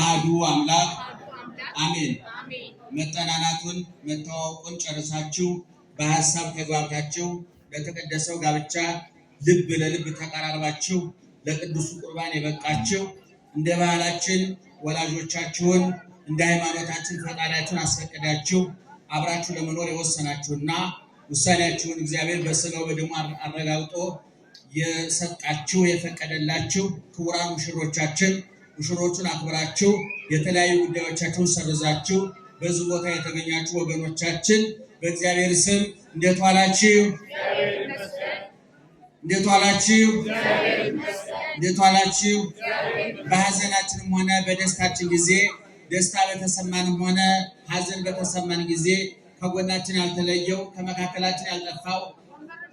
አህዱ አምላክ አሜን። መጠናናቱን መተዋወቁን ጨርሳችሁ በሀሳብ ተግባብታችሁ ለተቀደሰው ጋብቻ ልብ ለልብ ተቀራርባችሁ ለቅዱሱ ቁርባን የበቃችሁ እንደ ባህላችን ወላጆቻችሁን እንደ ሃይማኖታችን ፈጣሪያችሁን አስፈቅዳችሁ አብራችሁ ለመኖር የወሰናችሁና ውሳኔያችሁን እግዚአብሔር በስጋው በደሙ አረጋግጦ የሰጣችሁ የፈቀደላችሁ ክቡራን ሙሽሮቻችን ሙሽሮቹን አክብራችሁ የተለያዩ ጉዳዮቻችሁን ሰርዛችሁ በዚህ ቦታ የተገኛችሁ ወገኖቻችን በእግዚአብሔር ስም እንዴት ዋላችሁ? እንዴት ዋላችሁ? እንዴት ዋላችሁ? በሀዘናችንም ሆነ በደስታችን ጊዜ ደስታ በተሰማንም ሆነ ሀዘን በተሰማን ጊዜ ከጎናችን ያልተለየው ከመካከላችን ያልጠፋው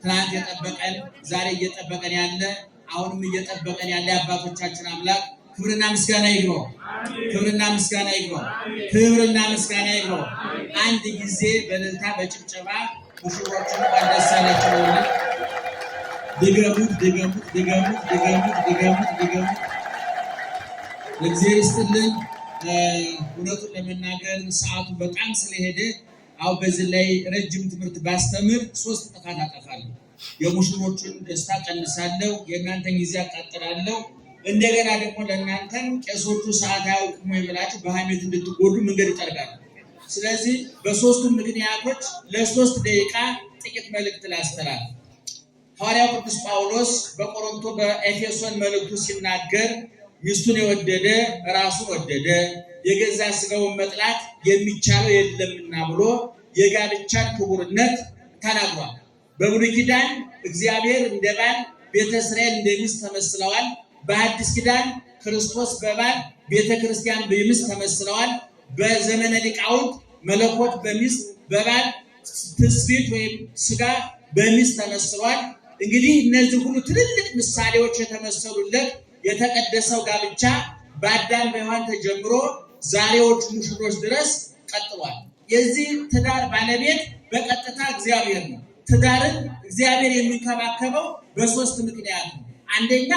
ትናንት የጠበቀን ዛሬ እየጠበቀን ያለ አሁንም እየጠበቀን ያለ የአባቶቻችን አምላክ ክብርና ምስጋና ይግሮ ክብርና ምስጋና ይግሮ ክብርና ምስጋና ይግሮ አንድ ጊዜ በልልታ በጭብጨባ ሙሽሮቹ ደስ ድገሙት፣ ድገሙት፣ ድገሙት፣ ድገሙት፣ ድገሙት፣ ድገሙት። ለእግዚአብሔር ይስጥልን። እውነቱን ለመናገር ሰዓቱ በጣም ስለሄደ አሁ በዚህ ላይ ረጅም ትምህርት ባስተምር ሶስት ጥፋት አጠፋለሁ። የሙሽሮቹን ደስታ ቀንሳለሁ። የእናንተን ጊዜ አቃጥላለሁ። እንደገና ደግሞ ለእናንተን ቄሶቹ ሰዓት አያውቁም ወይ ብላችሁ በሀሜት እንድትጎዱ መንገድ ይጠርጋል። ስለዚህ በሶስቱ ምክንያቶች ለሶስት ደቂቃ ጥቂት መልእክት ላስተላል። ሐዋርያው ቅዱስ ጳውሎስ በቆሮንቶ በኤፌሶን መልእክቱ ሲናገር ሚስቱን የወደደ ራሱን ወደደ፣ የገዛ ስጋውን መጥላት የሚቻለው የለምና ብሎ የጋብቻን ክቡርነት ተናግሯል። በብሉይ ኪዳን እግዚአብሔር እንደ ባል፣ ቤተ እስራኤል እንደ ሚስት ተመስለዋል። በአዲስ ኪዳን ክርስቶስ በባል ቤተ ክርስቲያን በሚስት ተመስለዋል። በዘመነ ሊቃውንት መለኮት በሚስት በባል ትስቢት ወይም ስጋ በሚስት ተመስሏል። እንግዲህ እነዚህ ሁሉ ትልልቅ ምሳሌዎች የተመሰሉለት የተቀደሰው ጋብቻ በአዳም በሔዋን ተጀምሮ ዛሬዎቹ ሙሽሮች ድረስ ቀጥሏል። የዚህ ትዳር ባለቤት በቀጥታ እግዚአብሔር ነው። ትዳርን እግዚአብሔር የሚንከባከበው በሶስት ምክንያት ነው። አንደኛ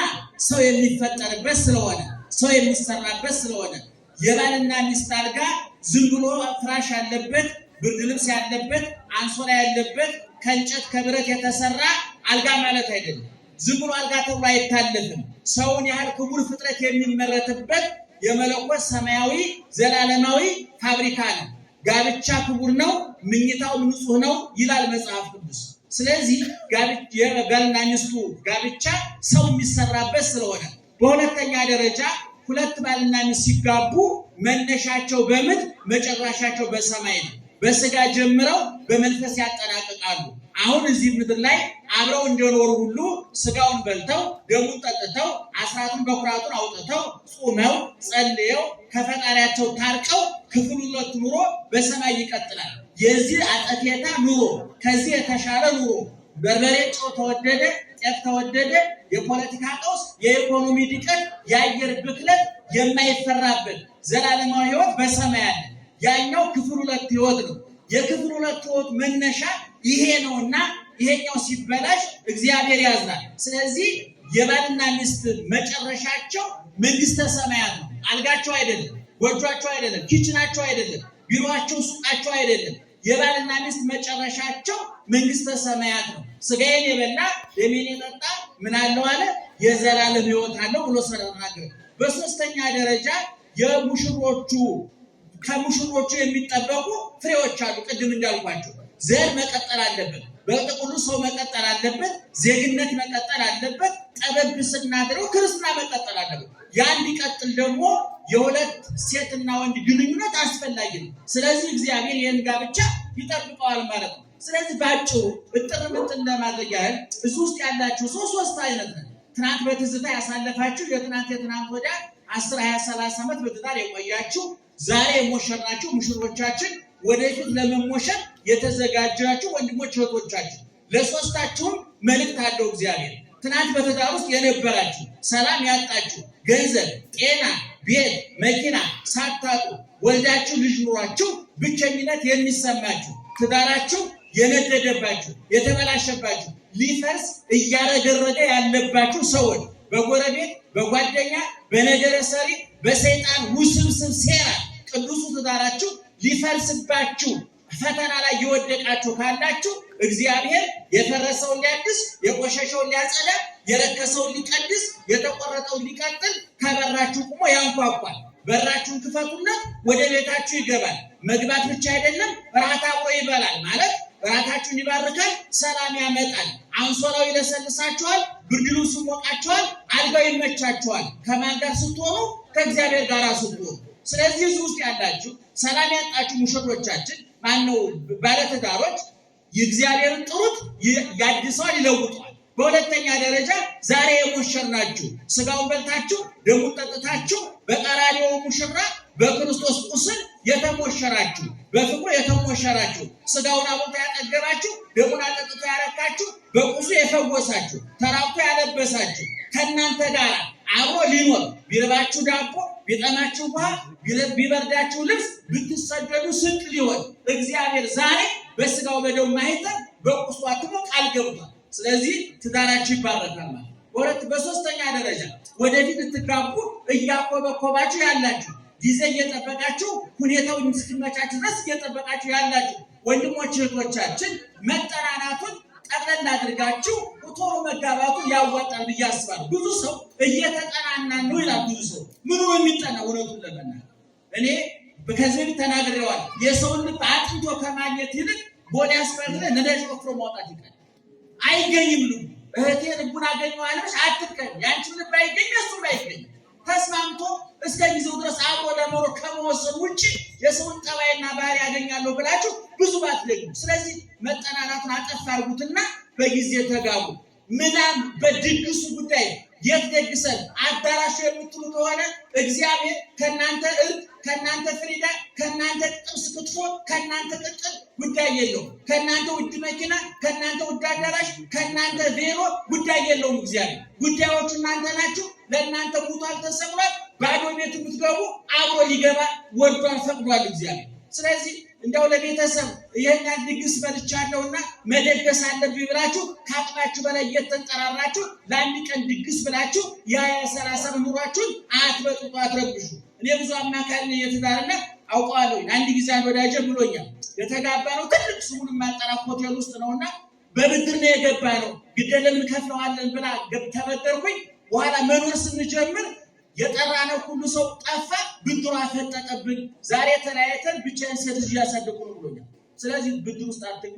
ሰው የሚፈጠርበት ስለሆነ ሰው የሚሰራበት ስለሆነ የባልና ሚስት አልጋ ዝም ብሎ ፍራሽ ያለበት ብርድ ልብስ ያለበት አንሶላ ያለበት ከእንጨት ከብረት የተሰራ አልጋ ማለት አይደለም። ዝም ብሎ አልጋ ተብሎ አይታለፍም። ሰውን ያህል ክቡር ፍጥረት የሚመረትበት የመለኮት ሰማያዊ ዘላለማዊ ፋብሪካ ነው። ጋብቻ ክቡር ነው፣ ምኝታውም ንጹህ ነው ይላል መጽሐፍ ቅዱስ። ስለዚህ ባልና ሚስቱ ጋብቻ ሰው የሚሰራበት ስለሆነ፣ በሁለተኛ ደረጃ ሁለት ባልና ሚስት ሲጋቡ መነሻቸው በምን መጨረሻቸው በሰማይ ነው። በስጋ ጀምረው በመንፈስ ያጠናቅቃሉ። አሁን እዚህ ምድር ላይ አብረው እንደኖሩ ሁሉ ስጋውን በልተው ደሙን ጠጥተው አስራቱን በኩራቱን አውጥተው ጾመው ጸልየው ከፈጣሪያቸው ታርቀው ክፍል ሁለት ኑሮ በሰማይ ይቀጥላል። የዚህ አጠፌታ ኑሮ ከዚህ የተሻለ ኑሮ በርበሬ፣ ጨው ተወደደ፣ ጤፍ ተወደደ፣ የፖለቲካ ቀውስ፣ የኢኮኖሚ ድቀት፣ የአየር ብክለት የማይፈራበት ዘላለማዊ ህይወት በሰማይ አለ። ያኛው ክፍል ሁለት ህይወት ነው። የክፍል ሁለት ህይወት መነሻ ይሄ ነውና ይሄኛው ሲበላሽ እግዚአብሔር ያዝናል። ስለዚህ የባልና ሚስት መጨረሻቸው መንግስተ ሰማያት ነው። አልጋቸው አይደለም፣ ጎጇቸው አይደለም፣ ኪችናቸው አይደለም፣ ቢሮቸው፣ ሱቃቸው አይደለም የባልና ሚስት መጨረሻቸው መንግስተ ሰማያት ነው። ስጋዬን የበላ ደሜን የጠጣ ምን አለው አለ የዘላለም ህይወት አለው ብሎ ሰራናለሁ። በሶስተኛ ደረጃ የሙሽሮቹ ከሙሽሮቹ የሚጠበቁ ፍሬዎች አሉ። ቅድም እንዳልኳቸው ዘር መቀጠል አለበት። በጥቁሉ ሰው መቀጠል አለበት። ዜግነት መቀጠል አለበት። ጠበብስና ድረው ክርስትና መቀጠል አለበት። ያ እንዲቀጥል ደግሞ የሁለት ሴትና ወንድ ግንኙነት አስፈላጊ ነው። ስለዚህ እግዚአብሔር ይህን ጋብቻ ይጠብቀዋል ማለት ነው። ስለዚህ ባጭሩ እጥር ምጥን ለማድረግ ያህል እሱ ውስጥ ያላችሁ ሰው ሶስት አይነት ነው። ትናንት በትዝታ ያሳለፋችሁ የትናንት የትናንት ወዲያ አስር ሀያ ሰላሳ ዓመት በትዳር የቆያችሁ ዛሬ የሞሸርናችሁ ሙሽሮቻችን፣ ወደፊት ለመሞሸር የተዘጋጃችሁ ወንድሞች እህቶቻችሁ፣ ለሶስታችሁም መልእክት አለው እግዚአብሔር ትናንት በትዳር ውስጥ የነበራችሁ ሰላም ያጣችሁ፣ ገንዘብ፣ ጤና፣ ቤት፣ መኪና ሳታጡ ወልዳችሁ ልጅ ኑሯችሁ ብቸኝነት የሚሰማችሁ ትዳራችሁ የነደደባችሁ የተበላሸባችሁ ሊፈርስ እያረገረገ ያለባችሁ ሰዎች በጎረቤት በጓደኛ በነገረ ሰሪ በሰይጣን ውስብስብ ሴራ ቅዱሱ ትዳራችሁ ሊፈርስባችሁ ፈተና ላይ የወደቃችሁ ካላችሁ እግዚአብሔር የተረሰውን ሊያድስ፣ የቆሸሸውን ሊያጸዳ፣ የረከሰውን ሊቀድስ፣ የተቆረጠውን ሊቀጥል ከበራችሁ ቁሞ ያንኳኳል። በራችሁን ክፈቱና ወደ ቤታችሁ ይገባል። መግባት ብቻ አይደለም፣ እራት አብሮ ይበላል ማለት እራታችሁን ይባርካል፣ ሰላም ያመጣል። አንሶላው ይለሰልሳችኋል፣ ብርድ ልብሱ ይሞቃችኋል፣ አልጋው ይመቻችኋል። ከማን ጋር ስትሆኑ? ከእግዚአብሔር ጋር ስትሆኑ። ስለዚህ እዚህ ውስጥ ያላችሁ ሰላም ያጣችሁ ሙሽሮቻችን ማነው ባለትዳሮች የእግዚአብሔርን ጥሩት ያድሰዋል፣ ይለውጧል። በሁለተኛ ደረጃ ዛሬ ናችሁ ስጋውን በልታችሁ ደሙን ጠጥታችሁ በቀራንዮ ሙሽራ በክርስቶስ ቁስል የተሞሸራችሁ በፍቅሩ የተሞሸራችሁ ስጋውን አብልቶ ያጠገባችሁ ደሙን አጠጥቶ ያረካችሁ በቁሱ የፈወሳችሁ ተራብቶ ያለበሳችሁ ከእናንተ ጋር አብሮ ሊኖር ቢርባችሁ ዳቦ ቢጠማችሁ ውሃ፣ ቢበርዳችሁ ልብስ፣ ብትሰደዱ ስንቅ ሊሆን እግዚአብሔር ዛሬ በስጋው በደው ማኅተም በቁስሉ አትሞ ቃል ገብቷል። ስለዚህ ትዳራችሁ ይባረካል ማለት በሁለት በሶስተኛ ደረጃ ወደፊት ልትጋቡ እያኮበኮባችሁ ያላችሁ ጊዜ እየጠበቃችሁ ሁኔታው እስኪመቻችሁ ድረስ እየጠበቃችሁ ያላችሁ ወንድሞች እህቶቻችን መጠናናቱን ጠቅለል አድርጋችሁ ቶሎ መጋባቱ ያዋጣል ብዬ አስባለሁ። ብዙ ሰው እየተጠ ሰው ምኑ የሚጠና እውነቱን ለመናገር እኔ ከዚህ ተናግሬዋል። የሰውን ልብ አጥንቶ ከማግኘት ይልቅ ቦሌ ያስፈርለ ነዳጅ ቆፍሮ ማውጣት ይቀል አይገኝም። ልቡ እህቴ ልቡን አገኘዋለች አትቀኝ ያንቺም ልብ አይገኝ እሱም አይገኝ ተስማምቶ እስከ ጊዜው ድረስ አብሮ ለመኖር ከመወሰን ውጭ የሰውን ጠባይና ባህሪ ያገኛለሁ ብላችሁ ብዙ ባትለዩ። ስለዚህ መጠናናቱን አጠፍ አድርጉትና በጊዜ ተጋቡ። ምናም በድግሱ ጉዳይ የት ደግሰን አዳራሹ የምትሉ ከሆነ እግዚአብሔር ከእናንተ እርድ፣ ከእናንተ ፍሪዳ፣ ከእናንተ ጥብስ ክትፎ፣ ከእናንተ ቅቅል ጉዳይ የለውም። ከእናንተ ውድ መኪና፣ ከእናንተ ውድ አዳራሽ፣ ከእናንተ ቬሮ ጉዳይ የለውም። እግዚአብሔር ጉዳዮቹ እናንተ ናችሁ። ለእናንተ ሙቷል፣ ተሰቅሏል። ባዶ ቤቱ ብትገቡ አብሮ ሊገባ ወዷል፣ ፈቅዷል እግዚአብሔር ስለዚህ እንደው ለቤተሰብ ይህንን ድግስ በልቻለሁና መደገስ አለብኝ ብላችሁ ከአቅማችሁ በላይ እየተንጠራራችሁ ለአንድ ቀን ድግስ ብላችሁ የሀያ ሰላሳ ኑሯችሁን አትበጥጡ፣ አትረብሹ። እኔ ብዙ አማካሪ ነኝ የትዳርና አውቀዋለሁ። አንድ ጊዜ አንድ ወዳጄ ብሎኛል። የተጋባ ነው ትልቅ ስሙን የማንጠራ ሆቴል ውስጥ ነውና በብድር ነው የገባ ነው ግደለም እንከፍለዋለን ብላ ተበደርኩኝ። በኋላ መኖር ስንጀምር የጠራነው ሁሉ ሰው ጠፋ። ብድሩ አፈጠጠብን፣ ዛሬ ተለያየተን ብቻዬን ሴት ልጅ እያሳደኩ ነው ብሎኛል። ስለዚህ ብድር ውስጥ አትግቡ።